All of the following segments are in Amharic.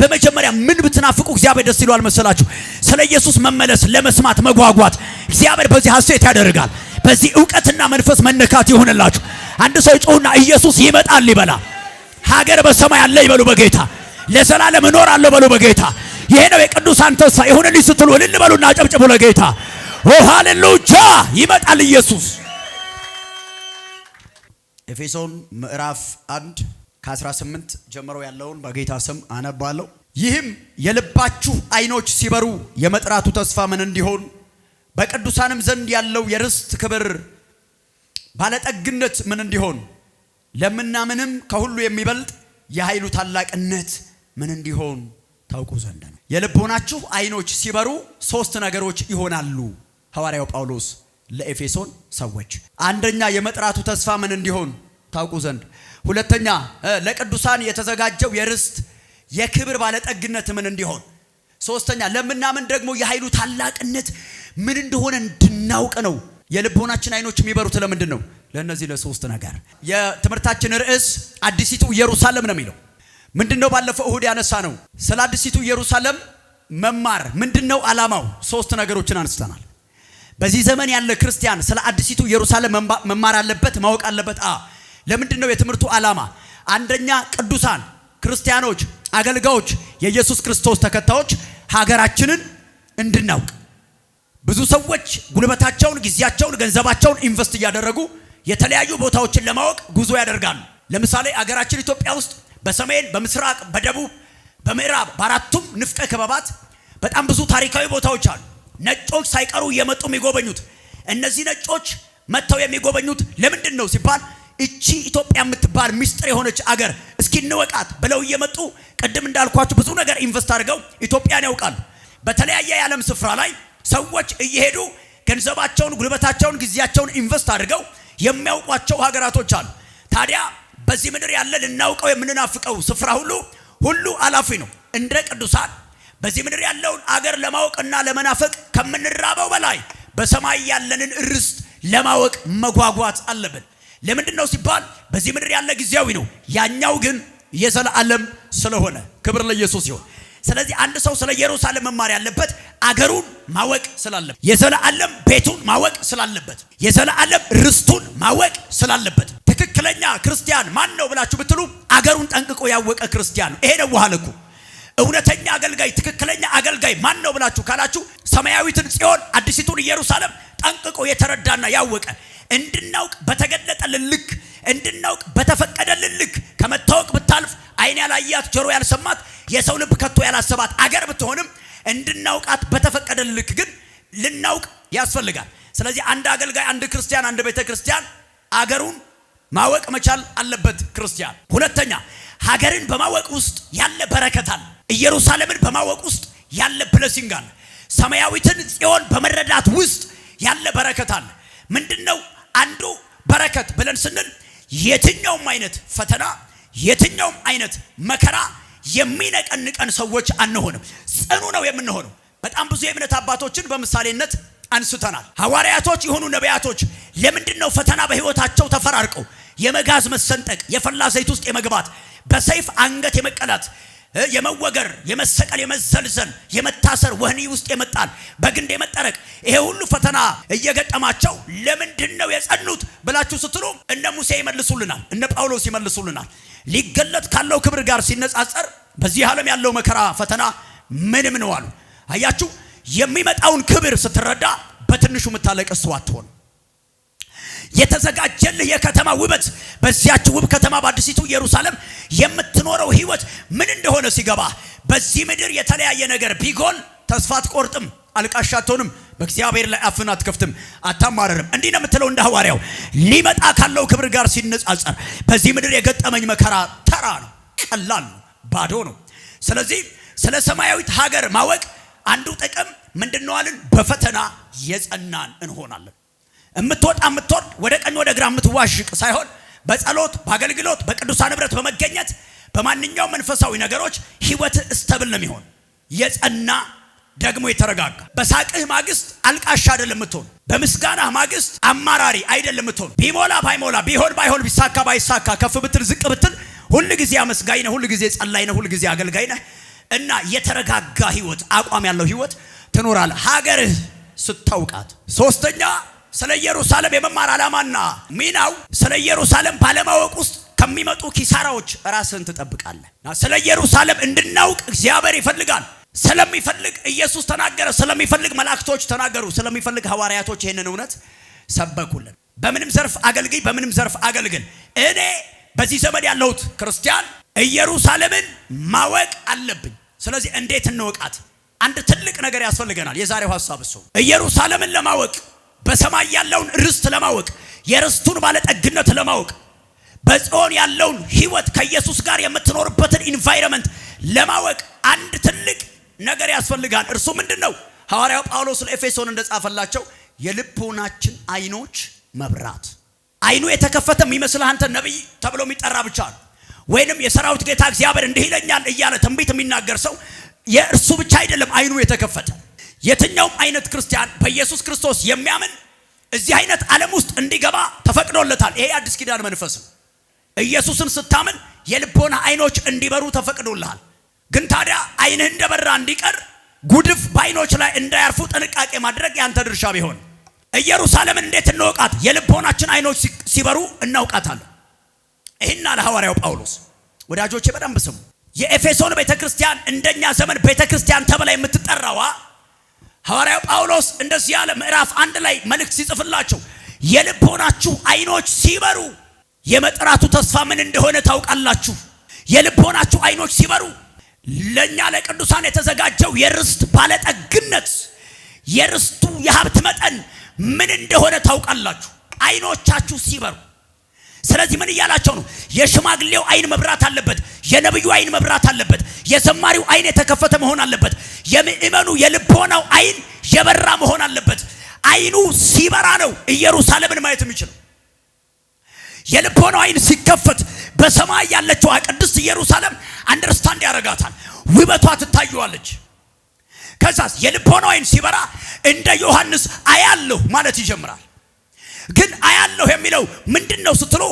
በመጀመሪያ ምን ብትናፍቁ እግዚአብሔር ደስ ይለዋል መሰላችሁ? ስለ ኢየሱስ መመለስ ለመስማት መጓጓት። እግዚአብሔር በዚህ ሐሴት ያደርጋል። በዚህ እውቀትና መንፈስ መነካት ይሆንላችሁ። አንድ ሰው ጮህና ኢየሱስ ይመጣል ይበላ። ሀገር በሰማይ አለ ይበሉ በጌታ ለዘላለም አለ በሉ በጌታ ይሄ ነው የቅዱሳን ተስፋ ይሁንልኝ ስትሉ እልል በሉና ጨብጭቡ ለጌታ ኦ ሃሌሉያ ይመጣል ኢየሱስ ኤፌሶን ምዕራፍ አንድ ከ18 ጀምሮ ያለውን በጌታ ስም አነባለሁ። ይህም የልባችሁ አይኖች ሲበሩ የመጥራቱ ተስፋ ምን እንዲሆን በቅዱሳንም ዘንድ ያለው የርስት ክብር ባለጠግነት ምን እንዲሆን ለምናምንም ከሁሉ የሚበልጥ የኃይሉ ታላቅነት ምን እንዲሆን ታውቁ ዘንድ ነው። የልቦናችሁ አይኖች ሲበሩ ሶስት ነገሮች ይሆናሉ። ሐዋርያው ጳውሎስ ለኤፌሶን ሰዎች አንደኛ የመጥራቱ ተስፋ ምን እንዲሆን ታውቁ ዘንድ ሁለተኛ ለቅዱሳን የተዘጋጀው የርስት የክብር ባለጠግነት ምን እንዲሆን፣ ሶስተኛ ለምናምን ደግሞ የኃይሉ ታላቅነት ምን እንደሆነ እንድናውቅ ነው። የልቦናችን አይኖች የሚበሩት ለምንድን ነው? ለእነዚህ ለሶስት ነገር። የትምህርታችን ርዕስ አዲሲቱ ኢየሩሳሌም ነው የሚለው ምንድን ነው? ባለፈው እሁድ ያነሳ ነው ስለ አዲሲቱ ኢየሩሳሌም መማር ምንድን ነው ዓላማው? ሶስት ነገሮችን አንስተናል። በዚህ ዘመን ያለ ክርስቲያን ስለ አዲሲቱ ኢየሩሳሌም መማር አለበት፣ ማወቅ አለበት። አ ለምንድን ነው የትምህርቱ ዓላማ? አንደኛ ቅዱሳን ክርስቲያኖች አገልጋዮች፣ የኢየሱስ ክርስቶስ ተከታዮች ሀገራችንን እንድናውቅ። ብዙ ሰዎች ጉልበታቸውን፣ ጊዜያቸውን፣ ገንዘባቸውን ኢንቨስት እያደረጉ የተለያዩ ቦታዎችን ለማወቅ ጉዞ ያደርጋሉ። ለምሳሌ አገራችን ኢትዮጵያ ውስጥ በሰሜን፣ በምስራቅ፣ በደቡብ፣ በምዕራብ በአራቱም ንፍቀ ክበባት በጣም ብዙ ታሪካዊ ቦታዎች አሉ። ነጮች ሳይቀሩ እየመጡ የሚጎበኙት እነዚህ ነጮች መጥተው የሚጎበኙት ለምንድን ነው ሲባል እቺ ኢትዮጵያ የምትባል ምስጢር የሆነች አገር እስኪ እንወቃት ብለው እየመጡ ቅድም እንዳልኳችሁ ብዙ ነገር ኢንቨስት አድርገው ኢትዮጵያን ያውቃሉ። በተለያየ የዓለም ስፍራ ላይ ሰዎች እየሄዱ ገንዘባቸውን፣ ጉልበታቸውን፣ ጊዜያቸውን ኢንቨስት አድርገው የሚያውቋቸው ሀገራቶች አሉ። ታዲያ በዚህ ምድር ያለ ልናውቀው የምንናፍቀው ስፍራ ሁሉ ሁሉ አላፊ ነው። እንደ ቅዱሳን በዚህ ምድር ያለውን አገር ለማወቅና ለመናፈቅ ከምንራበው በላይ በሰማይ ያለንን ርስት ለማወቅ መጓጓት አለብን። ለምንድን ነው ሲባል በዚህ ምድር ያለ ጊዜያዊ ነው፣ ያኛው ግን የዘላለም ስለሆነ ክብር ለኢየሱስ ይሁን። ስለዚህ አንድ ሰው ስለ ኢየሩሳሌም መማር ያለበት አገሩን ማወቅ ስላለበት፣ የዘላለም ቤቱን ማወቅ ስላለበት፣ የዘላለም ርስቱን ማወቅ ስላለበት። ትክክለኛ ክርስቲያን ማን ነው ብላችሁ ብትሉ አገሩን ጠንቅቆ ያወቀ ክርስቲያን ነው። ይሄ ነው ዋሃለኩ እውነተኛ አገልጋይ ትክክለኛ አገልጋይ ማን ነው ብላችሁ ካላችሁ ሰማያዊትን ጽዮን አዲሲቱን ኢየሩሳሌም ጠንቅቆ የተረዳና ያወቀ እንድናውቅ በተገለጠልን ልክ እንድናውቅ በተፈቀደልን ልክ ከመታወቅ ብታልፍ አይን ያላያት ጆሮ ያልሰማት የሰው ልብ ከቶ ያላሰባት አገር ብትሆንም እንድናውቃት በተፈቀደልን ልክ ግን ልናውቅ ያስፈልጋል። ስለዚህ አንድ አገልጋይ፣ አንድ ክርስቲያን፣ አንድ ቤተ ክርስቲያን አገሩን ማወቅ መቻል አለበት። ክርስቲያን ሁለተኛ ሀገርን በማወቅ ውስጥ ያለ በረከት አለ። ኢየሩሳሌምን በማወቅ ውስጥ ያለ ብለሲንግ አለ። ሰማያዊትን ጽዮን በመረዳት ውስጥ ያለ በረከት አለ። ምንድን ነው? አንዱ በረከት ብለን ስንል የትኛውም አይነት ፈተና የትኛውም አይነት መከራ የሚነቀንቀን ሰዎች አንሆንም። ጽኑ ነው የምንሆነው። በጣም ብዙ የእምነት አባቶችን በምሳሌነት አንስተናል። ሐዋርያቶች የሆኑ ነቢያቶች ለምንድን ነው ፈተና በሕይወታቸው ተፈራርቀው የመጋዝ መሰንጠቅ፣ የፈላ ዘይት ውስጥ የመግባት፣ በሰይፍ አንገት የመቀላት የመወገር የመሰቀል የመዘልዘል የመታሰር ወህኒ ውስጥ የመጣል በግንድ የመጠረቅ ይሄ ሁሉ ፈተና እየገጠማቸው ለምንድን ነው የጸኑት ብላችሁ ስትሉ እነ ሙሴ ይመልሱልናል፣ እነ ጳውሎስ ይመልሱልናል። ሊገለጥ ካለው ክብር ጋር ሲነጻጸር በዚህ ዓለም ያለው መከራ ፈተና ምንም ነው አሉ። አያችሁ፣ የሚመጣውን ክብር ስትረዳ በትንሹ ምታለቅ እሱ አትሆን። የተዘጋጀልህ የከተማ ውበት በዚያች ውብ ከተማ በአዲሲቱ ኢየሩሳሌም የምትኖረው ህይወት ምን እንደሆነ ሲገባ በዚህ ምድር የተለያየ ነገር ቢጎል ተስፋ አትቆርጥም፣ አልቃሻ አትሆንም፣ በእግዚአብሔር ላይ አፍን አትከፍትም፣ አታማረርም። እንዲህ ነው የምትለው እንደ ሐዋርያው ሊመጣ ካለው ክብር ጋር ሲነጻጸር በዚህ ምድር የገጠመኝ መከራ ተራ ነው፣ ቀላል ነው፣ ባዶ ነው። ስለዚህ ስለ ሰማያዊት ሀገር ማወቅ አንዱ ጥቅም ምንድነዋልን? በፈተና የጸናን እንሆናለን። የምትወጣ የምትወርድ ወደ ቀኝ ወደ ግራ የምትዋዥቅ ሳይሆን በጸሎት በአገልግሎት በቅዱሳን ህብረት በመገኘት በማንኛውም መንፈሳዊ ነገሮች ህይወት እስተብል ነው የሚሆን የጸና ደግሞ የተረጋጋ በሳቅህ ማግስት አልቃሻ አይደለም የምትሆን በምስጋናህ ማግስት አማራሪ አይደለም የምትሆን ቢሞላ ባይሞላ ቢሆን ባይሆን ቢሳካ ባይሳካ ከፍ ብትል ዝቅ ብትል ሁል ጊዜ አመስጋኝ ነህ ሁል ጊዜ ጸላይ ነህ ሁል ጊዜ አገልጋይ ነህ እና የተረጋጋ ህይወት አቋም ያለው ህይወት ትኖራለህ ሀገርህ ስታውቃት ሶስተኛ ስለ ኢየሩሳሌም የመማር ዓላማና ሚናው ስለ ኢየሩሳሌም ባለማወቅ ውስጥ ከሚመጡ ኪሳራዎች ራስን ትጠብቃለህ። ስለ ኢየሩሳሌም እንድናውቅ እግዚአብሔር ይፈልጋል። ስለሚፈልግ ኢየሱስ ተናገረ። ስለሚፈልግ መላእክቶች ተናገሩ። ስለሚፈልግ ሐዋርያቶች ይህንን እውነት ሰበኩልን። በምንም ዘርፍ አገልግኝ፣ በምንም ዘርፍ አገልግል። እኔ በዚህ ዘመን ያለሁት ክርስቲያን ኢየሩሳሌምን ማወቅ አለብኝ። ስለዚህ እንዴት እንወቃት? አንድ ትልቅ ነገር ያስፈልገናል። የዛሬው ሀሳብ እሱ ኢየሩሳሌምን ለማወቅ በሰማይ ያለውን ርስት ለማወቅ የርስቱን ባለጠግነት ለማወቅ በጽዮን ያለውን ህይወት ከኢየሱስ ጋር የምትኖርበትን ኢንቫይረመንት ለማወቅ አንድ ትልቅ ነገር ያስፈልጋል። እርሱ ምንድን ነው? ሐዋርያው ጳውሎስ ለኤፌሶን እንደጻፈላቸው የልቦናችን አይኖች መብራት። አይኑ የተከፈተ የሚመስልህ አንተ ነቢይ ተብሎ የሚጠራ ብቻ ነው። ወይንም የሰራዊት ጌታ እግዚአብሔር እንዲህ ይለኛል እያለ ትንቢት የሚናገር ሰው የእርሱ ብቻ አይደለም አይኑ የተከፈተ የትኛውም አይነት ክርስቲያን በኢየሱስ ክርስቶስ የሚያምን እዚህ አይነት ዓለም ውስጥ እንዲገባ ተፈቅዶለታል። ይሄ አዲስ ኪዳን መንፈስ ነው። ኢየሱስን ስታምን የልቦና አይኖች እንዲበሩ ተፈቅዶልሃል። ግን ታዲያ አይንህ እንደበራ እንዲቀር ጉድፍ በአይኖች ላይ እንዳያርፉ ጥንቃቄ ማድረግ ያንተ ድርሻ ቢሆን ኢየሩሳሌምን እንዴት እንወቃት? የልቦናችን አይኖች ሲበሩ እናውቃታለን። ይህን አለ ሐዋርያው ጳውሎስ። ወዳጆቼ በደንብ ስሙ። የኤፌሶን ቤተክርስቲያን እንደኛ ዘመን ቤተክርስቲያን ተብላ የምትጠራዋ ሐዋርያው ጳውሎስ እንደዚህ ያለ ምዕራፍ አንድ ላይ መልእክት ሲጽፍላቸው የልቦናችሁ አይኖች ሲበሩ የመጠራቱ ተስፋ ምን እንደሆነ ታውቃላችሁ። የልቦናችሁ አይኖች ሲበሩ ለእኛ ለቅዱሳን የተዘጋጀው የርስት ባለጠግነት የርስቱ የሀብት መጠን ምን እንደሆነ ታውቃላችሁ። አይኖቻችሁ ሲበሩ። ስለዚህ ምን እያላቸው ነው? የሽማግሌው አይን መብራት አለበት። የነብዩ አይን መብራት አለበት። የዘማሪው አይን የተከፈተ መሆን አለበት። የምእመኑ የልቦናው አይን የበራ መሆን አለበት። አይኑ ሲበራ ነው ኢየሩሳሌምን ማየት የሚችለው። የልቦናው አይን ሲከፈት በሰማይ ያለችው ቅድስት ኢየሩሳሌም አንደርስታንድ ያደርጋታል። ውበቷ ትታየዋለች። ከዛስ የልቦናው አይን ሲበራ እንደ ዮሐንስ አያለሁ ማለት ይጀምራል። ግን አያለሁ የሚለው ምንድን ነው ስትሉ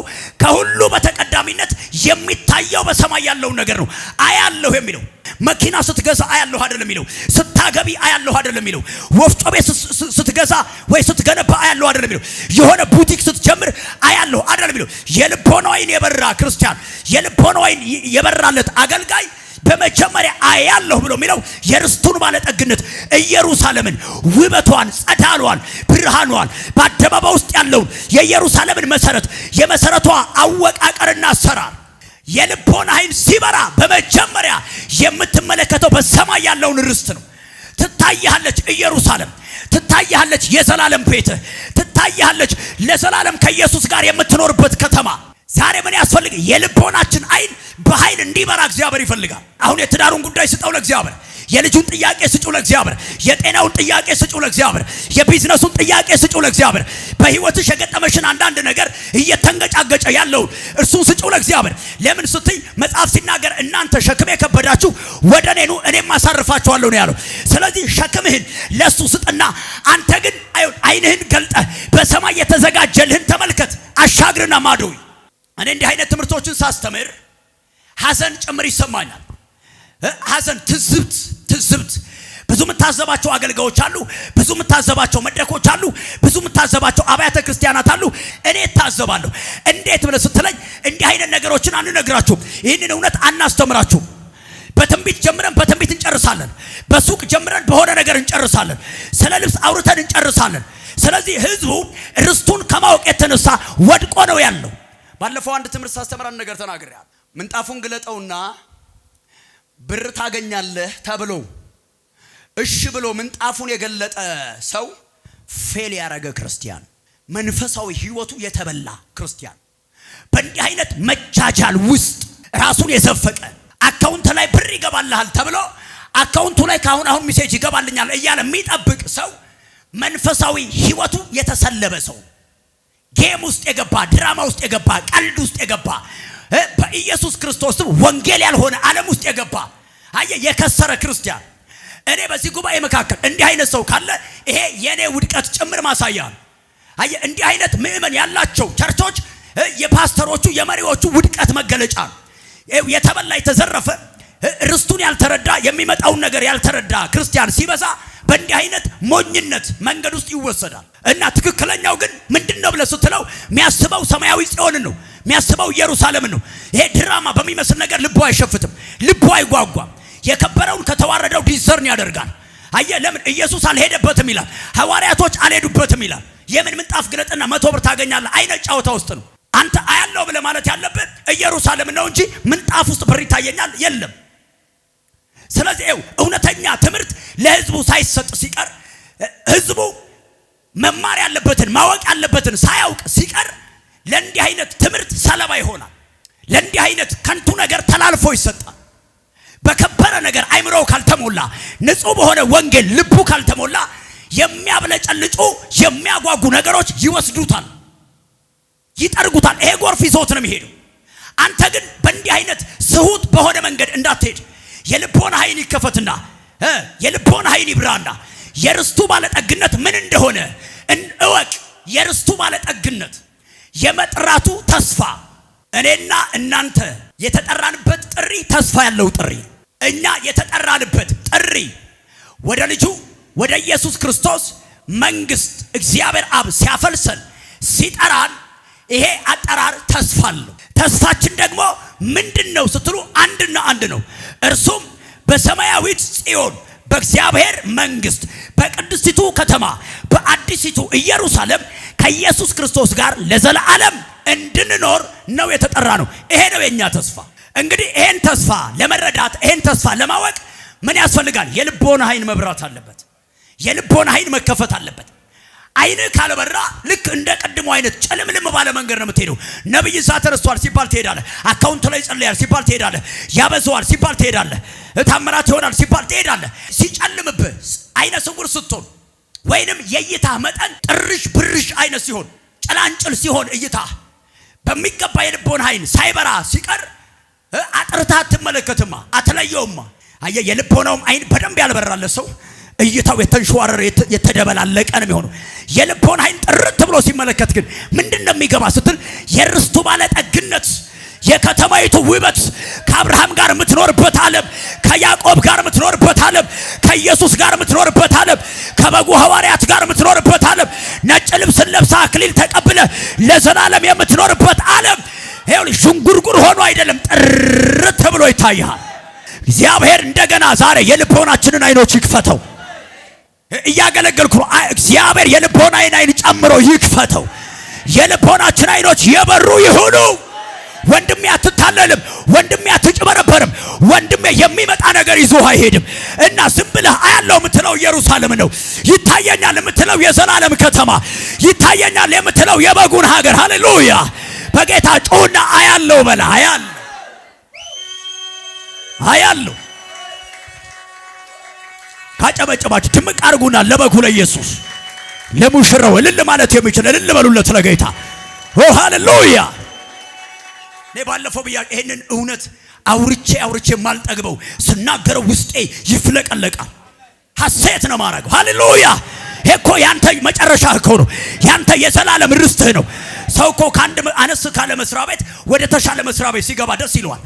ከሁሉ በተቀዳሚነት የሚታየው በሰማይ ያለውን ነገር ነው። አያለሁ የሚለው መኪና ስትገዛ አያለሁ አይደለም የሚለው፣ ስታገቢ አያለሁ አይደለም የሚለው፣ ወፍጮ ቤት ስትገዛ ወይ ስትገነባ አያለሁ አይደለም የሚለው፣ የሆነ ቡቲክ ስትጀምር አያለሁ አይደለም የሚለው። የልቦና ወይን የበራ ክርስቲያን የልቦና ወይን የበራለት አገልጋይ በመጀመሪያ አያለሁ ብሎ የሚለው የርስቱን ባለጠግነት ኢየሩሳሌምን፣ ውበቷን፣ ጸዳሏን፣ ብርሃኗን በአደባባይ ውስጥ ያለውን የኢየሩሳሌምን መሰረት የመሰረቷ አወቃቀርና አሰራር የልቦና አይን ሲበራ በመጀመሪያ የምትመለከተው በሰማይ ያለውን ርስት ነው። ትታያለች ኢየሩሳሌም፣ ትታያለች የዘላለም ቤትህ፣ ትታያለች ለዘላለም ከኢየሱስ ጋር የምትኖርበት ከተማ ዛሬ ምን ያስፈልግ? የልቦናችን አይን በኃይል እንዲበራ እግዚአብሔር ይፈልጋል። አሁን የትዳሩን ጉዳይ ስጠው ለእግዚአብሔር። የልጁን ጥያቄ ስጩ ለእግዚአብሔር። የጤናውን ጥያቄ ስጩ ለእግዚአብሔር። የቢዝነሱን ጥያቄ ስጩ ለእግዚአብሔር። በሕይወትሽ የገጠመሽን አንዳንድ ነገር እየተንገጫገጨ ያለውን እርሱን ስጩ ለእግዚአብሔር። ለምን ስትይ መጽሐፍ ሲናገር እናንተ ሸክም የከበዳችሁ ወደ እኔ ኑ እኔም አሳርፋችኋለሁ ነው ያለው። ስለዚህ ሸክምህን ለእሱ ስጥና አንተ ግን አይንህን ገልጠህ በሰማይ የተዘጋጀልህን ተመልከት። አሻግርና ማዶይ እኔ እንዲህ አይነት ትምህርቶችን ሳስተምር ሐዘን ጭምር ይሰማኛል። ሐዘን ትዝብት ትዝብት ብዙ የምታዘባቸው አገልጋዮች አሉ። ብዙ የምታዘባቸው መድረኮች አሉ። ብዙ የምታዘባቸው አብያተ ክርስቲያናት አሉ። እኔ እታዘባለሁ። እንዴት ብለህ ስትለኝ እንዲህ አይነት ነገሮችን አንነግራችሁም፣ ይህንን እውነት አናስተምራችሁም። በትንቢት ጀምረን በትንቢት እንጨርሳለን። በሱቅ ጀምረን በሆነ ነገር እንጨርሳለን። ስለ ልብስ አውርተን እንጨርሳለን። ስለዚህ ህዝቡ ርስቱን ከማወቅ የተነሳ ወድቆ ነው ያለው። ባለፈው አንድ ትምህርት ሳስተምራን ነገር ተናግሬያል። ምንጣፉን ግለጠውና ብር ታገኛለህ ተብሎ እሺ ብሎ ምንጣፉን የገለጠ ሰው ፌል ያደረገ ክርስቲያን፣ መንፈሳዊ ህይወቱ የተበላ ክርስቲያን፣ በእንዲህ አይነት መጃጃል ውስጥ ራሱን የዘፈቀ አካውንት ላይ ብር ይገባልሃል ተብሎ አካውንቱ ላይ ከአሁን አሁን ሚሴጅ ይገባልኛል እያለ የሚጠብቅ ሰው መንፈሳዊ ህይወቱ የተሰለበ ሰው ጌም ውስጥ የገባ ድራማ ውስጥ የገባ ቀልድ ውስጥ የገባ በኢየሱስ ክርስቶስ ወንጌል ያልሆነ ዓለም ውስጥ የገባ አየ የከሰረ ክርስቲያን እኔ በዚህ ጉባኤ መካከል እንዲህ አይነት ሰው ካለ ይሄ የእኔ ውድቀት ጭምር ማሳያ ነው። አየ እንዲህ አይነት ምእመን ያላቸው ቸርቾች የፓስተሮቹ የመሪዎቹ ውድቀት መገለጫ ነው። የተበላ የተዘረፈ ርስቱን ያልተረዳ የሚመጣውን ነገር ያልተረዳ ክርስቲያን ሲበዛ በእንዲህ አይነት ሞኝነት መንገድ ውስጥ ይወሰዳል እና ትክክለኛው ግን ምንድን ነው ብለህ ስትለው የሚያስበው ሰማያዊ ጽዮንን ነው የሚያስበው ኢየሩሳሌምን ነው። ይሄ ድራማ በሚመስል ነገር ልቡ አይሸፍትም፣ ልቡ አይጓጓም። የከበረውን ከተዋረደው ዲዘርን ያደርጋል። አየ ለምን ኢየሱስ አልሄደበትም ይላል፣ ሐዋርያቶች አልሄዱበትም ይላል። የምን ምንጣፍ ግለጥና መቶ ብር ታገኛለህ አይነት ጨዋታ ውስጥ ነው። አንተ አያለው ብለህ ማለት ያለብህ ኢየሩሳሌም ነው እንጂ ምንጣፍ ውስጥ ብር ይታየኛል የለም። ስለዚህ እውነተኛ ትምህርት ለህዝቡ ሳይሰጥ ሲቀር ህዝቡ መማር ያለበትን ማወቅ ያለበትን ሳያውቅ ሲቀር ለእንዲህ አይነት ትምህርት ሰለባ ይሆናል። ለእንዲህ አይነት ከንቱ ነገር ተላልፎ ይሰጣል። በከበረ ነገር አይምሮው ካልተሞላ፣ ንጹህ በሆነ ወንጌል ልቡ ካልተሞላ የሚያብለጨልጩ የሚያጓጉ ነገሮች ይወስዱታል፣ ይጠርጉታል። ይሄ ጎርፍ ይዞት ነው የሚሄደው። አንተ ግን በእንዲህ አይነት ስሁት በሆነ መንገድ እንዳትሄድ የልቦን ኃይል ይከፈትና የልቦን ኃይል ይብራና የርስቱ ባለጠግነት ምን እንደሆነ እወቅ። የርስቱ ባለጠግነት የመጥራቱ ተስፋ እኔና እናንተ የተጠራንበት ጥሪ ተስፋ ያለው ጥሪ እኛ የተጠራንበት ጥሪ ወደ ልጁ ወደ ኢየሱስ ክርስቶስ መንግስት እግዚአብሔር አብ ሲያፈልሰን ሲጠራን ይሄ አጠራር ተስፋ አለው። ተስፋችን ደግሞ ምንድን ነው ስትሉ አንድና አንድ ነው። እርሱም በሰማያዊት ጽዮን በእግዚአብሔር መንግስት በቅድስቲቱ ከተማ በአዲሲቱ ኢየሩሳሌም ከኢየሱስ ክርስቶስ ጋር ለዘላለም እንድንኖር ነው የተጠራ ነው። ይሄ ነው የእኛ ተስፋ። እንግዲህ ይሄን ተስፋ ለመረዳት ይሄን ተስፋ ለማወቅ ምን ያስፈልጋል? የልቦና አይን መብራት አለበት። የልቦና አይን መከፈት አለበት። አይንህ ካልበራ ልክ እንደ ቀድሞ አይነት ጨለምልም ባለ መንገድ ነው የምትሄደው። ነብይ እዛ ተረስቷል ሲባል ትሄዳለህ። አካውንት ላይ ጸልያል ሲባል ትሄዳለህ። ያበዛዋል ሲባል ትሄዳለህ። ታምራት ይሆናል ሲባል ትሄዳለህ። ሲጨልምብህ አይነ ስውር ስትሆን ወይንም የእይታ መጠን ጥርሽ ብርሽ አይነት ሲሆን ጭላንጭል ሲሆን እይታ በሚገባ የልቦን አይን ሳይበራ ሲቀር አጥርታ አትመለከትማ፣ አትለየውማ። አየህ የልቦናውም አይን በደንብ ያልበራለት ሰው እይታው የተንሸዋረረ የተደበላለቀ ነው የሚሆነው። የልቦን ኃይል ጥርት ብሎ ሲመለከት ግን ምንድን ነው የሚገባ ስትል የርስቱ ባለጠግነት የከተማይቱ ውበት ከአብርሃም ጋር የምትኖርበት ዓለም ከያዕቆብ ጋር የምትኖርበት ዓለም ከኢየሱስ ጋር የምትኖርበት ዓለም ከበጉ ሐዋርያት ጋር የምትኖርበት ዓለም ነጭ ልብስን ለብሳ አክሊል ተቀብለ ለዘላለም የምትኖርበት ዓለም ይኸውልህ ዥንጉርጉር ሆኖ አይደለም፣ ጥርት ብሎ ይታይሃል። እግዚአብሔር እንደገና ዛሬ የልቦናችንን አይኖች ይክፈተው። እያገለገልኩ ነው። እግዚአብሔር የልቦናዬን አይን ጨምሮ ይክፈተው። የልቦናችን አይኖች የበሩ ይሁኑ። ወንድሜ አትታለልም። ወንድሜ አትጭበረበርም። ወንድሜ የሚመጣ ነገር ይዞ አይሄድም እና ዝም ብለህ አያለው የምትለው ኢየሩሳሌም ነው። ይታየኛል የምትለው የዘላለም ከተማ፣ ይታየኛል የምትለው የበጉን ሀገር። ሃሌሉያ! በጌታ ጮና አያለው በላ አያለው አያለው ካጨበጨባችሁ ድምቅ አድርጉና ለበጉ ለኢየሱስ ለሙሽራው እልል ማለት የሚችል እልል በሉለት ለጌታ። ኦ ሃሌሉያ! እኔ ባለፈው ብያ ይሄንን እውነት አውርቼ አውርቼ ማልጠግበው ስናገረው ውስጤ ይፍለቀለቃል። ሐሴት ነው ማረገው። ሃሌሉያ! ይሄ እኮ ያንተ መጨረሻ እኮ ነው። ያንተ የዘላለም ርስትህ ነው። ሰው እኮ ከአንድ አነስ ካለ መስሪያ ቤት ወደ ተሻለ መስሪያ ቤት ሲገባ ደስ ይለዋል።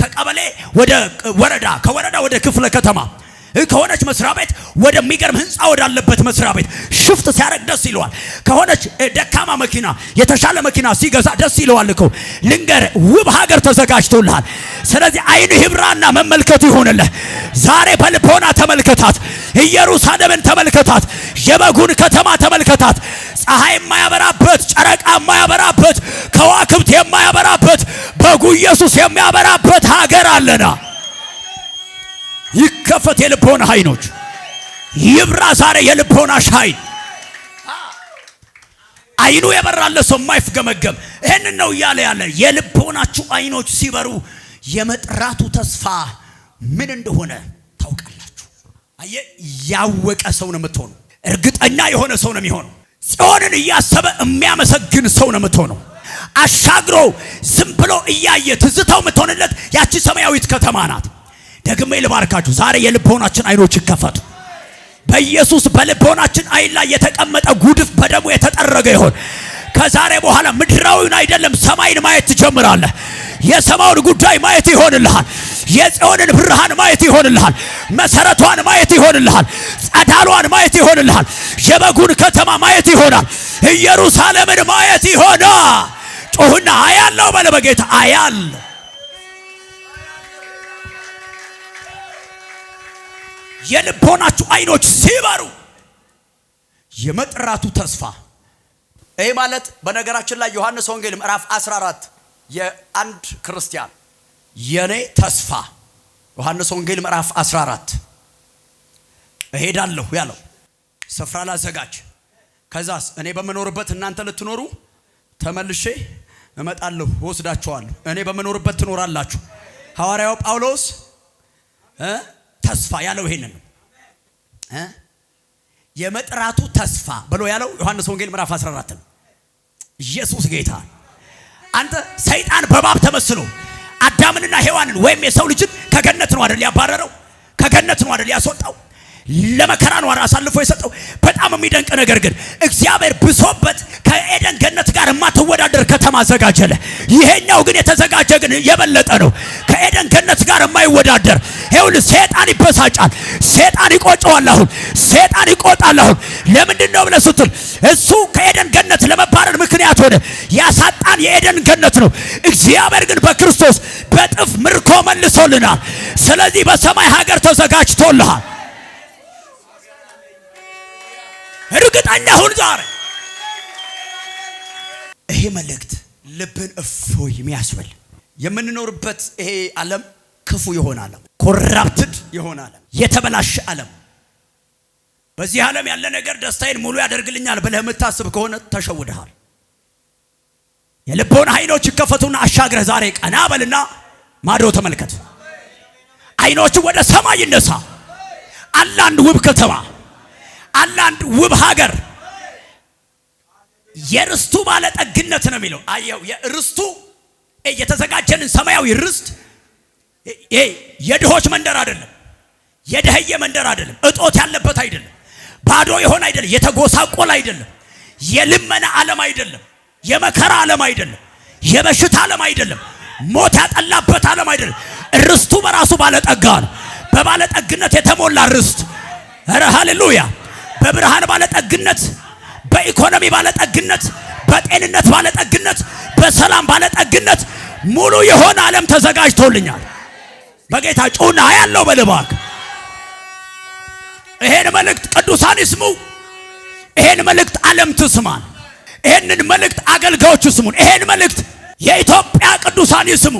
ከቀበሌ ወደ ወረዳ፣ ከወረዳ ወደ ክፍለ ከተማ ከሆነች መስሪያ ቤት ወደሚገርም ህንፃ ወዳለበት መስሪያ ቤት ሽፍት ሲያደርግ ደስ ይለዋል። ከሆነች ደካማ መኪና የተሻለ መኪና ሲገዛ ደስ ይለዋል እኮ ልንገር፣ ውብ ሀገር ተዘጋጅቶልሃል። ስለዚህ አይን ህብራና መመልከቱ ይሆንልህ። ዛሬ በልቦና ተመልከታት፣ ኢየሩሳሌምን ተመልከታት፣ የበጉን ከተማ ተመልከታት። ፀሐይ የማያበራበት ጨረቃ የማያበራበት ከዋክብት የማያበራበት በጉ ኢየሱስ የሚያበራበት ሀገር አለና ይከፈት የልቦና አይኖች ይብራ ዛሬ የልቦናሽ አይን። አይኑ የበራለ ሰው የማይፍገመገም ይህንን ነው እያለ ያለ። የልቦናችሁ አይኖች ሲበሩ የመጥራቱ ተስፋ ምን እንደሆነ ታውቃላችሁ። አየ ያወቀ ሰው ነው የምትሆኑ። እርግጠኛ የሆነ ሰው ነው የሚሆነው። ጽዮንን እያሰበ የሚያመሰግን ሰው ነው የምትሆነው። አሻግሮ ዝም ብሎ እያየ ትዝታው የምትሆንለት ያቺ ሰማያዊት ከተማ ናት። ደግሜ ልባርካችሁ። ዛሬ የልቦናችን አይኖች ይከፈቱ በኢየሱስ በልቦናችን አይን ላይ የተቀመጠ ጉድፍ በደሙ የተጠረገ ይሆን። ከዛሬ በኋላ ምድራዊን አይደለም ሰማይን ማየት ትጀምራለህ። የሰማውን ጉዳይ ማየት ይሆንልሃል። የጽዮንን ብርሃን ማየት ይሆንልሃል። መሰረቷን ማየት ይሆንልሃል። ጸዳሏን ማየት ይሆንልሃል። የበጉን ከተማ ማየት ይሆናል። ኢየሩሳሌምን ማየት ይሆና ጮህና አያለው በለበጌታ በጌታ የልቦናችሁ አይኖች ሲበሩ የመጥራቱ ተስፋ ይህ ማለት በነገራችን ላይ ዮሐንስ ወንጌል ምዕራፍ 14 የአንድ ክርስቲያን የኔ ተስፋ ዮሐንስ ወንጌል ምዕራፍ 14 እሄዳለሁ ያለው ስፍራ ላዘጋጅ፣ ከዛስ እኔ በምኖርበት እናንተ ልትኖሩ ተመልሼ እመጣለሁ ወስዳችኋለሁ፣ እኔ በምኖርበት ትኖራላችሁ። ሐዋርያው ጳውሎስ ተስፋ ያለው ይሄንን ነው። የመጥራቱ ተስፋ ብሎ ያለው ዮሐንስ ወንጌል ምዕራፍ 14 ነው። ኢየሱስ ጌታ። አንተ ሰይጣን በባብ ተመስሎ አዳምንና ሔዋንን ወይም የሰው ልጅን ከገነት ነው አይደል ያባረረው? ከገነት ነው አይደል ያስወጣው? ለመከራ ነው አሳልፎ የሰጠው። በጣም የሚደንቅ ነገር ግን እግዚአብሔር ብሶበት ከኤደን ገነት ጋር የማትወዳደር ከተማ አዘጋጀለ። ይሄኛው ግን የተዘጋጀ ግን የበለጠ ነው፣ ከኤደን ገነት ጋር የማይወዳደር ሄውል። ሴጣን ይበሳጫል፣ ሴጣን ይቆጨዋል፣ አሁን ሴጣን ይቆጣል። አሁን ለምንድን ነው ብለህ ስትል እሱ ከኤደን ገነት ለመባረር ምክንያት ሆነ። ያሳጣን የኤደን ገነት ነው። እግዚአብሔር ግን በክርስቶስ በጥፍ ምርኮ መልሶልናል። ስለዚህ በሰማይ ሀገር ተዘጋጅቶልሃል። እርግጠኛ ሁን ዛሬ ይሄ መልእክት ልብን እፎይ የሚያስበል የምንኖርበት ይሄ ዓለም ክፉ የሆነ ዓለም ኮራፕትድ የሆነ ዓለም የተበላሸ ዓለም በዚህ ዓለም ያለ ነገር ደስታዬን ሙሉ ያደርግልኛል ብለህ የምታስብ ከሆነ ተሸውደሃል። የልቦን አይኖች ይከፈቱና አሻግረህ ዛሬ ቀና በልና ማዶ ተመልከት። አይኖቹ ወደ ሰማይ ይነሳ አላንድ ውብ ከተማ አንዳንድ ውብ ሀገር የርስቱ ባለጠግነት ነው የሚለው። አየው የርስቱ የተዘጋጀንን ሰማያዊ ርስት የድሆች መንደር አይደለም፣ የደህየ መንደር አይደለም፣ እጦት ያለበት አይደለም፣ ባዶ የሆነ አይደለም፣ የተጎሳቆል አይደለም፣ የልመና ዓለም አይደለም፣ የመከራ ዓለም አይደለም፣ የበሽታ ዓለም አይደለም፣ ሞት ያጠላበት ዓለም አይደለም። ርስቱ በራሱ ባለጠጋ ነው። በባለጠግነት የተሞላ ርስት። ኧረ ሃሌሉያ! በብርሃን ባለጠግነት፣ በኢኮኖሚ ባለጠግነት፣ በጤንነት ባለጠግነት፣ በሰላም ባለጠግነት ሙሉ የሆነ ዓለም ተዘጋጅቶልኛል። በጌታ ጩና ያለው በልባክ ይሄን መልእክት ቅዱሳን ይስሙ። ይሄን መልእክት ዓለም ትስማን። ይሄንን መልእክት አገልጋዮች ይስሙን። ይሄን መልእክት የኢትዮጵያ ቅዱሳን ይስሙ።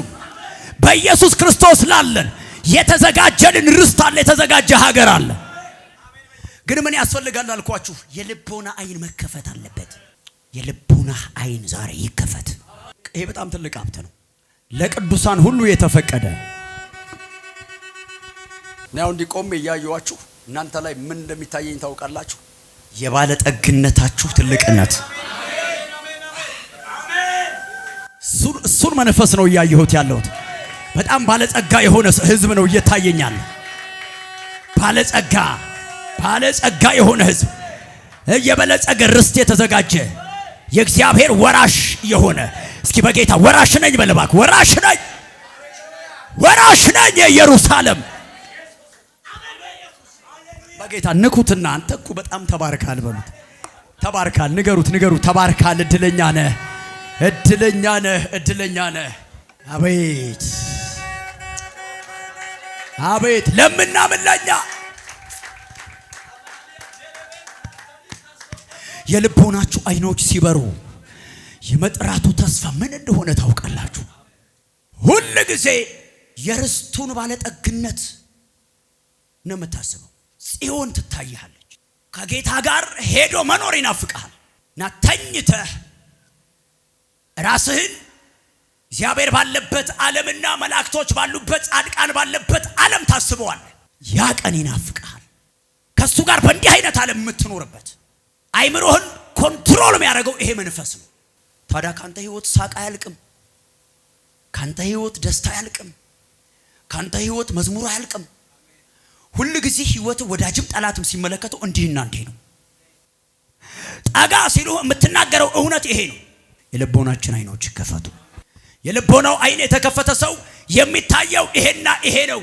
በኢየሱስ ክርስቶስ ላለን የተዘጋጀልን ርስት አለ። የተዘጋጀ ሀገር አለ። ግን ምን ያስፈልጋል አልኳችሁ? የልቦና አይን መከፈት አለበት። የልቦና አይን ዛሬ ይከፈት። ይሄ በጣም ትልቅ ሀብት ነው፣ ለቅዱሳን ሁሉ የተፈቀደ ነው። እንዲቆም ቆሜ እያየኋችሁ እናንተ ላይ ምን እንደሚታየኝ ታውቃላችሁ? የባለጠግነታችሁ ትልቅነት እሱን መንፈስ ነው እያየሁት ያለሁት። በጣም ባለጸጋ የሆነ ህዝብ ነው እየታየኛል። ባለጸጋ ባለጸጋ የሆነ ህዝብ የበለጸገ ርስት የተዘጋጀ የእግዚአብሔር ወራሽ የሆነ እስኪ በጌታ ወራሽ ነኝ በል እባክህ። ወራሽ ነኝ፣ ወራሽ ነኝ የኢየሩሳሌም በጌታ ንኩትና አንተ እኮ በጣም ተባርካል በሉት። ተባርካል፣ ንገሩት፣ ንገሩት። ተባርካል። እድለኛ ነህ፣ እድለኛ ነህ፣ እድለኛ ነህ። አቤት፣ አቤት ለምናምን ለኛ የልቦናችሁ አይኖች ሲበሩ የመጥራቱ ተስፋ ምን እንደሆነ ታውቃላችሁ። ሁል ጊዜ የርስቱን ባለጠግነት ነው የምታስበው። ጽዮን ትታይሃለች። ከጌታ ጋር ሄዶ መኖር ይናፍቃል እና ተኝተህ ራስህን እግዚአብሔር ባለበት ዓለምና መላእክቶች ባሉበት ጻድቃን ባለበት ዓለም ታስበዋል። ያ ቀን ይናፍቃል። ከእሱ ጋር በእንዲህ አይነት ዓለም የምትኖርበት አይምሮህን ኮንትሮል የሚያደርገው ይሄ መንፈስ ነው። ታዲያ ካንተ ህይወት ሳቅ አያልቅም፣ ካንተ ህይወት ደስታ አያልቅም፣ ካንተ ህይወት መዝሙር አያልቅም። ሁል ጊዜ ህይወት ወዳጅም ጠላትም ሲመለከተው እንዲህና እንዲህ ነው። ጠጋ ሲሉ የምትናገረው እውነት ይሄ ነው። የልቦናችን አይኖች ይከፈቱ። የልቦናው አይን የተከፈተ ሰው የሚታየው ይሄና ይሄ ነው፣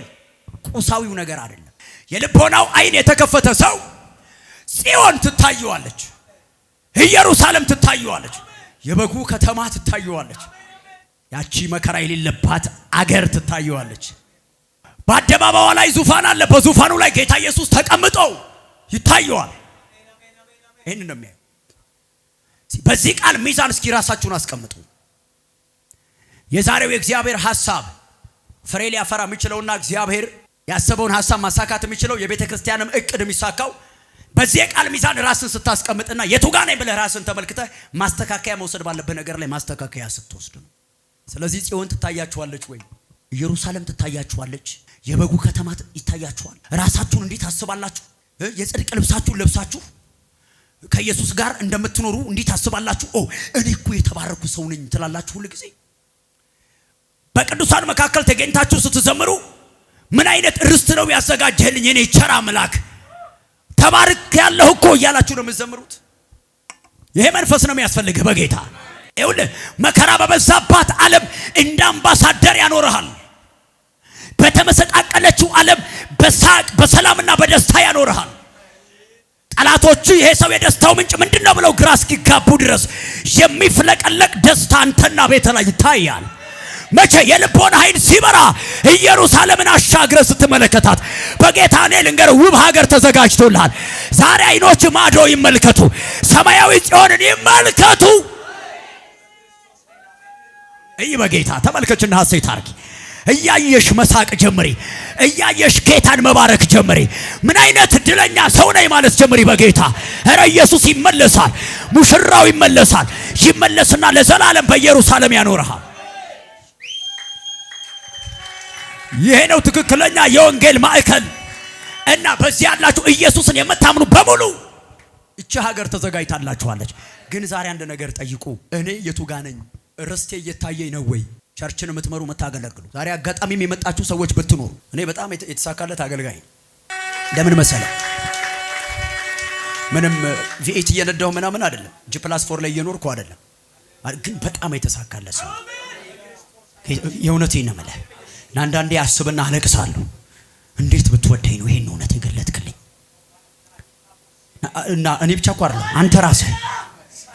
ቁሳዊው ነገር አይደለም። የልቦናው አይን የተከፈተ ሰው ጽዮን ትታየዋለች፣ ኢየሩሳሌም ትታየዋለች፣ የበጉ ከተማ ትታየዋለች። ያቺ መከራ የሌለባት አገር ትታየዋለች። በአደባባዋ ላይ ዙፋን አለ። በዙፋኑ ላይ ጌታ ኢየሱስ ተቀምጦ ይታየዋል። ይህን ነው የሚያዩ። በዚህ ቃል ሚዛን እስኪ ራሳችሁን አስቀምጡ። የዛሬው የእግዚአብሔር ሀሳብ ፍሬ ሊያፈራ የሚችለውና እግዚአብሔር ያሰበውን ሀሳብ ማሳካት የሚችለው የቤተ ክርስቲያንም እቅድ የሚሳካው በዚህ የቃል ሚዛን ራስን ስታስቀምጥና የቱ ጋ ነኝ ብለህ ራስን ተመልክተህ ማስተካከያ መውሰድ ባለበት ነገር ላይ ማስተካከያ ስትወስድ ነው። ስለዚህ ጽዮን ትታያችኋለች ወይ? ኢየሩሳሌም ትታያችኋለች። የበጉ ከተማ ይታያችኋል። ራሳችሁን እንዴት አስባላችሁ? የጽድቅ ልብሳችሁን ለብሳችሁ ከኢየሱስ ጋር እንደምትኖሩ እንዴት አስባላችሁ? ኦ እኔ እኮ የተባረኩ ሰው ነኝ ትላላችሁ ጊዜ በቅዱሳን መካከል ተገኝታችሁ ስትዘምሩ ምን አይነት ርስት ነው ያዘጋጀህልኝ የኔ ቸር አምላክ ተባርክ ያለሁ እኮ እያላችሁ ነው የምትዘምሩት። ይሄ መንፈስ ነው የሚያስፈልግህ በጌታ ይኸውልህ። መከራ በበዛባት ዓለም እንደ አምባሳደር ያኖርሃል። በተመሰቃቀለችው ዓለም በሳቅ በሰላምና በደስታ ያኖርሃል። ጠላቶቹ ይሄ ሰው የደስታው ምንጭ ምንድን ነው ብለው ግራ እስኪጋቡ ድረስ የሚፍለቀለቅ ደስታ አንተና ቤተ ላይ ይታያል። መቼ የልቦን ኃይል ሲበራ ኢየሩሳሌምን አሻግረ ስትመለከታት በጌታ እኔ ልንገር ውብ ሀገር ተዘጋጅቶልሃል። ዛሬ አይኖች ማዶ ይመልከቱ፣ ሰማያዊ ጽዮንን ይመልከቱ። እይ በጌታ ተመልከችና ሐሴት አርጊ። እያየሽ መሳቅ ጀምሪ። እያየሽ ጌታን መባረክ ጀምሪ። ምን አይነት እድለኛ ሰው ነኝ ማለት ጀምሪ በጌታ እረ ኢየሱስ ይመለሳል። ሙሽራው ይመለሳል። ይመለስና ለዘላለም በኢየሩሳሌም ያኖርሃል። ይሄ ነው ትክክለኛ የወንጌል ማዕከል እና በዚህ ያላችሁ ኢየሱስን የምታምኑ በሙሉ እቺ ሀገር ተዘጋጅታላችኋለች። ግን ዛሬ አንድ ነገር ጠይቁ። እኔ የቱ ጋ ነኝ? ርስቴ እየታየኝ ነው ወይ? ቸርችን የምትመሩ የምታገለግሉ፣ ዛሬ አጋጣሚም የመጣችሁ ሰዎች ብትኖሩ እኔ በጣም የተሳካለት አገልጋይ ለምን መሰለ፣ ምንም ቪኤት እየነዳሁ ምናምን አይደለም፣ ጂ ፕላስ ፎር ላይ እየኖርኩ አይደለም፣ ግን በጣም የተሳካለት ሰው የእውነቴን ነው የምልህ ለአንዳንዴ አስብና አለቅሳለሁ። እንዴት ብትወደኝ ነው ይሄን እውነት የገለጥክልኝ? እና እኔ ብቻ እኮ አይደለም አንተ ራስህ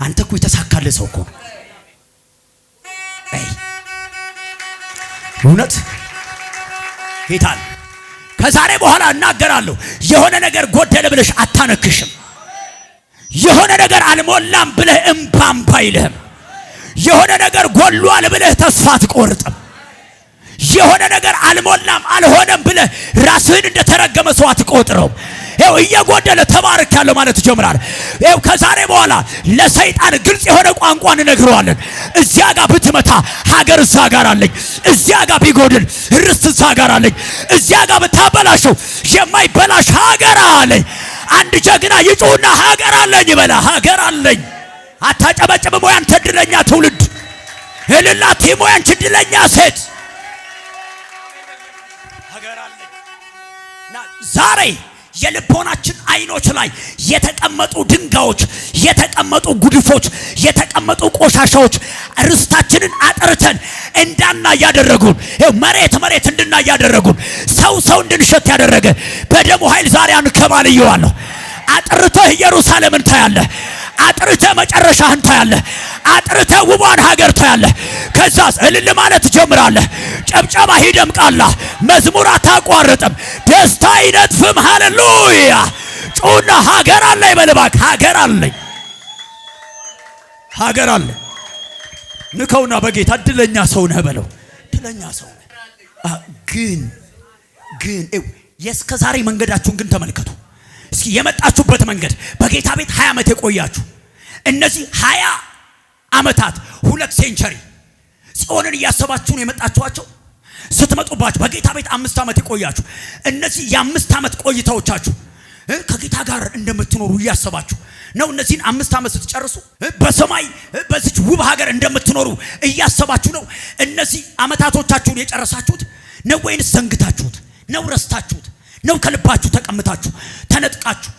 አንተ እኮ የተሳካልህ ሰው እኮ ነው። እውነት ጌታን ከዛሬ በኋላ እናገራለሁ። የሆነ ነገር ጎደለ ብለሽ አታነክሽም። የሆነ ነገር አልሞላም ብለህ እምባ አይልህም። የሆነ ነገር ጎሏል ብለህ ተስፋ አትቆርጥም። የሆነ ነገር አልሞላም አልሆነም ብለ ራስህን እንደተረገመ ሰው አትቆጥረው። ይኸው እየጎደለ ተባርካለሁ ማለት ጀምራል። ይኸው ከዛሬ በኋላ ለሰይጣን ግልጽ የሆነ ቋንቋ እንነግረዋለን። እዚያ ጋር ብትመታ ሀገር እዛ ጋር አለኝ፣ እዚያ ጋር ቢጎድል ርስት እዛ ጋር አለኝ፣ እዚያ ጋር ብታበላሸው የማይበላሽ ሀገር አለኝ። አንድ ጀግና ይጩህና ሀገር አለኝ ይበላ። ሀገር አለኝ። አታጨበጭብም ወይ አንተ እድለኛ ትውልድ? እልል አትይም ወይ እድለኛ ሴት? ነገር አለ ዛሬ የልቦናችን አይኖች ላይ የተቀመጡ ድንጋዮች፣ የተቀመጡ ጉድፎች፣ የተቀመጡ ቆሻሻዎች ርስታችንን አጥርተን እንዳና ያደረጉን መሬት መሬት እንድና ያደረጉን ሰው ሰው እንድንሸት ያደረገ በደሙ ኃይል ዛሬ አንከባልየዋለሁ። አጥርተህ ኢየሩሳሌምን ታያለህ። አጥርተ መጨረሻህን ታያለህ። አጥርተ ውቧን ሀገር ታያለህ። ከዛስ እልል ማለት ጀምራለህ። ጨብጨባ ይደምቃላ። መዝሙር አታቋርጥም። ደስታ ይነጥፍም። ሃሌሉያ ጩና ሀገር አለኝ በልባክ ሀገር አለኝ ሀገር አለኝ ንከውና በጌታ እድለኛ ሰው ነህ በለው። እድለኛ ሰው ነህ ግን ግን የእስከ ዛሬ መንገዳችሁን ግን ተመልከቱ። እስኪ የመጣችሁበት መንገድ በጌታ ቤት ሀያ ዓመት የቆያችሁ እነዚህ ሀያ ዓመታት ሁለት ሴንቸሪ ጽዮንን እያሰባችሁ ነው የመጣችኋቸው። ስትመጡባችሁ በጌታ ቤት አምስት ዓመት የቆያችሁ እነዚህ የአምስት ዓመት ቆይታዎቻችሁ ከጌታ ጋር እንደምትኖሩ እያሰባችሁ ነው። እነዚህን አምስት ዓመት ስትጨርሱ በሰማይ በዚች ውብ ሀገር እንደምትኖሩ እያሰባችሁ ነው። እነዚህ ዓመታቶቻችሁን የጨረሳችሁት ነው ወይንስ ዘንግታችሁት ነው? ረስታችሁት ነው ከልባችሁ ተቀምታችሁ ተነጥቃችሁ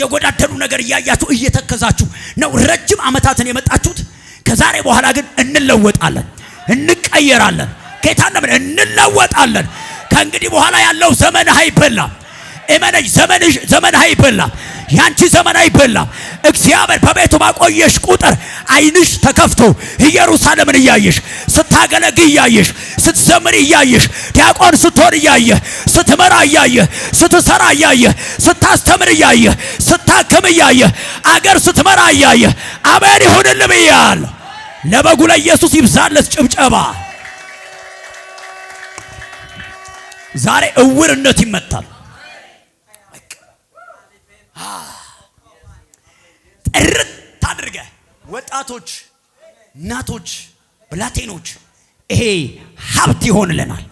የጎዳደሉ ነገር እያያችሁ እየተከዛችሁ ነው ረጅም ዓመታትን የመጣችሁት። ከዛሬ በኋላ ግን እንለወጣለን፣ እንቀየራለን። ጌታ እንለወጣለን። ከእንግዲህ በኋላ ያለው ዘመን አይበላም። እመነኝ፣ ዘመንሽ ዘመን አይበላም። ያንቺ ዘመን አይበላም። እግዚአብሔር በቤቱ ባቆየሽ ቁጥር አይንሽ ተከፍቶ ኢየሩሳሌምን እያየሽ ስታገለግ እያየሽ ስትዘምር እያየሽ ዲያቆን ስትሆን እያየ ስትመራ እያየ ስትሰራ እያየ ስታስተምር እያየ ስታክም እያየ አገር ስትመራ እያየ አሜን ይሁንልም ብያለሁ። ለበጉ ለኢየሱስ ይብዛለት ጭብጨባ። ዛሬ እውርነት ይመታል። ጥርት አድርገ ወጣቶች፣ እናቶች፣ ብላቴኖች ይሄ ሀብት ይሆንልናል።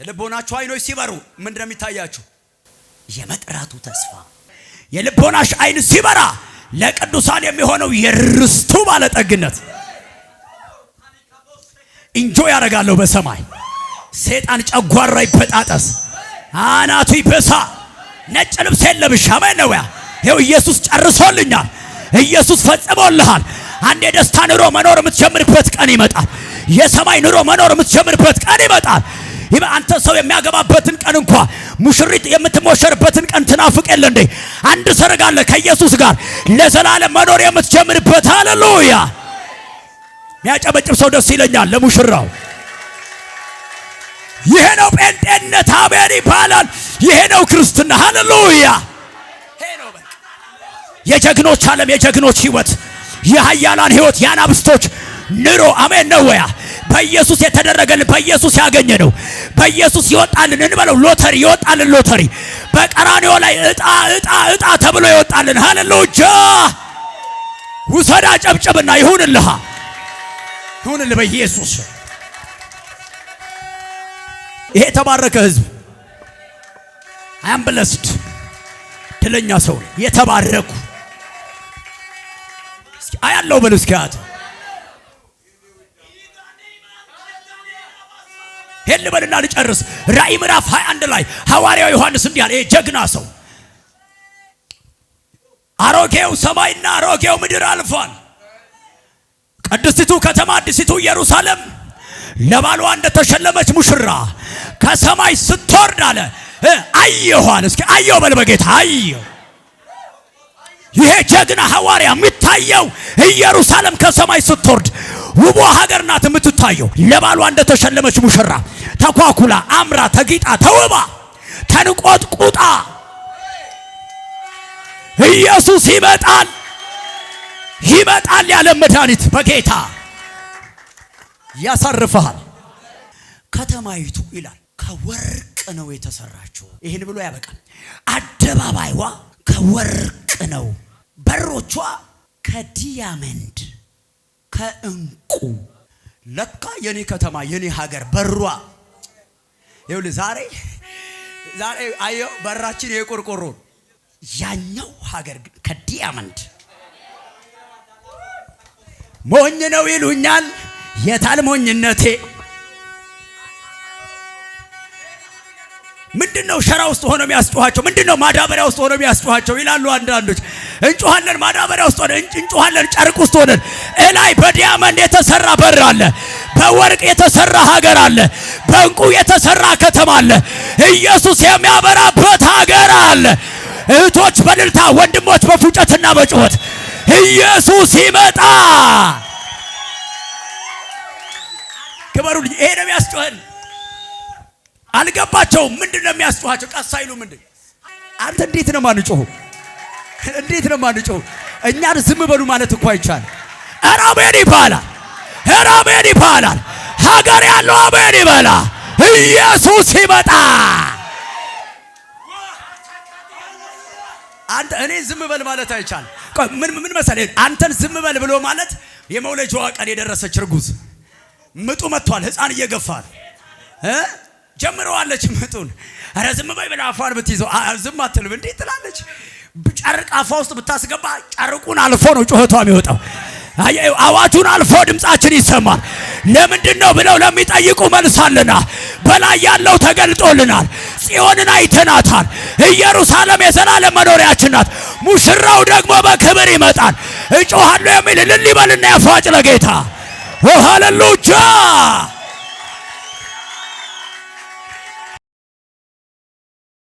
የልቦናችሁ አይኖች ሲበሩ ምንድን ነው የሚታያችሁ? የመጥራቱ ተስፋ የልቦናሽ አይን ሲበራ ለቅዱሳን የሚሆነው የርስቱ ባለጠግነት እንጆ ያደርጋለሁ በሰማይ። ሰይጣን ጨጓራ ይበጣጠስ፣ አናቱ ይበሳ። ነጭ ልብስ የለብሽ። አሜን ነው ያ ይኸው ኢየሱስ ጨርሶልኛል። ኢየሱስ ፈጽሞልሃል። አንድ የደስታ ኑሮ መኖር የምትጀምርበት ቀን ይመጣል። የሰማይ ኑሮ መኖር የምትጀምርበት ቀን ይመጣል። ይበ አንተ ሰው የሚያገባበትን ቀን እንኳ ሙሽሪት የምትሞሸርበትን ቀን ትናፍቅ የለ እንዴ? አንድ ሰርግ አለ ከኢየሱስ ጋር ለዘላለም መኖር የምትጀምርበት። ሃሌሉያ! የሚያጨበጭብ ሰው ደስ ይለኛል ለሙሽራው ይሄ ነው ጴንጤነት፣ አሜን ይባላል። ይሄ ነው ክርስትና። ሃሌሉያ! የጀግኖች ዓለም፣ የጀግኖች ህይወት፣ የሃያላን ህይወት፣ የአናብስቶች ኑሮ አሜን ነው ወያ በኢየሱስ የተደረገልን በኢየሱስ ያገኘ ነው። በኢየሱስ ይወጣልን እንበለው ሎተሪ ይወጣልን ሎተሪ በቀራንዮ ላይ እጣ እጣ እጣ ተብሎ ይወጣልን። ሃሌሉያ! ውሰዳ ጨብጨብና ይሁንልሃ ይሁንልህ በኢየሱስ ይሄ የተባረከ ህዝብ አምብለስድ ድለኛ ሰው ነው። የተባረኩ አያለው በል እስኪ ሄል በልና ልጨርስ። ራእይ ምዕራፍ 21 ላይ ሐዋርያው ዮሐንስ እንዲህ አለ። ጀግና ሰው አሮጌው ሰማይና አሮጌው ምድር አልፏል፣ ቅድስቲቱ ከተማ አዲሲቱ ኢየሩሳሌም ለባሏ እንደተሸለመች ሙሽራ ከሰማይ ስትወርድ አለ አየኋል። እስኪ አየሁ በል በጌታ አየሁ። ይሄ ጀግና ሐዋርያ የሚታየው ኢየሩሳሌም ከሰማይ ስትወርድ ውቧ ሀገር ናት የምትታየው ለባሏ እንደተሸለመች ሙሽራ ተኳኩላ አምራ ተጊጣ ተውባ ተንቆጥቁጣ ኢየሱስ ይመጣል ይመጣል ያለ መድኃኒት በጌታ ያሳርፈሃል። ከተማይቱ ይላል ከወርቅ ነው የተሰራችው። ይህን ብሎ ያበቃል። አደባባይዋ ከወርቅ ነው፣ በሮቿ ከዲያመንድ ከእንቁ። ለካ የኔ ከተማ የኔ ሀገር በሯ ይውል ዛሬ ዛሬ አየ በራችን የቆርቆሮ ያኛው ሀገር ከዲያመንድ ሞኝ ነው ይሉኛል። የታል ሞኝነቴ? ምንድነው ሸራ ውስጥ ሆኖ የሚያስጮኋቸው? ምንድነው ማዳበሪያ ውስጥ ሆኖ የሚያስጮኋቸው ይላሉ አንዳንዶች። እንጮሃለን ማዳበሪያ ውስጥ ሆነን እንጮሃለን፣ ጨርቅ ውስጥ ሆነን። እላይ በዲያመንድ የተሰራ በር አለ፣ በወርቅ የተሰራ ሀገር አለ፣ በእንቁ የተሰራ ከተማ አለ፣ ኢየሱስ የሚያበራበት ሀገር አለ። እህቶች በእልልታ ወንድሞች በፉጨትና በጩኸት ኢየሱስ ይመጣ። ክበሩልኝ። ይሄ ነው የሚያስጮኸን አልገባቸውም። ምንድን ነው የሚያስጮኋቸው? ቀስ አይሉ ምንድን አንተ እንዴት ነው ማንጮሁ? እንዴት ነው ማንጮሁ? እኛን ዝም በሉ ማለት እኮ አይቻልም። ኧረ ይባላል። ኧረ ይባላል። ሀገር ያለው አሜን ይበላ። ኢየሱስ ይመጣ። አንተ እኔ ዝም በል ማለት አይቻልም። ምን ምን መሰለህ? አንተን ዝም በል ብሎ ማለት የመውለጃዋ ቀን የደረሰች እርጉዝ ምጡ መጥቷል፣ ህፃን እየገፋል ጀምረዋለች ምጡን። ኧረ ዝም በይ ብላ አፏን ብትይዘው ዝም አትልም። እንዴት ትላለች? ጨርቅ አፏ ውስጥ ብታስገባ ጨርቁን አልፎ ነው ጩኸቷ የሚወጣው። አዋጁን አልፎ ድምፃችን ይሰማል። ለምንድን ነው ብለው ለሚጠይቁ መልሳልና በላይ ያለው ተገልጦልናል። ጽዮንን አይተናታል። ኢየሩሳሌም የዘላለም መኖሪያችን ናት። ሙሽራው ደግሞ በክብር ይመጣል። እጮሃለሁ የሚል ልል ይበልና ያፏጭ ለጌታ ሃሌሉያ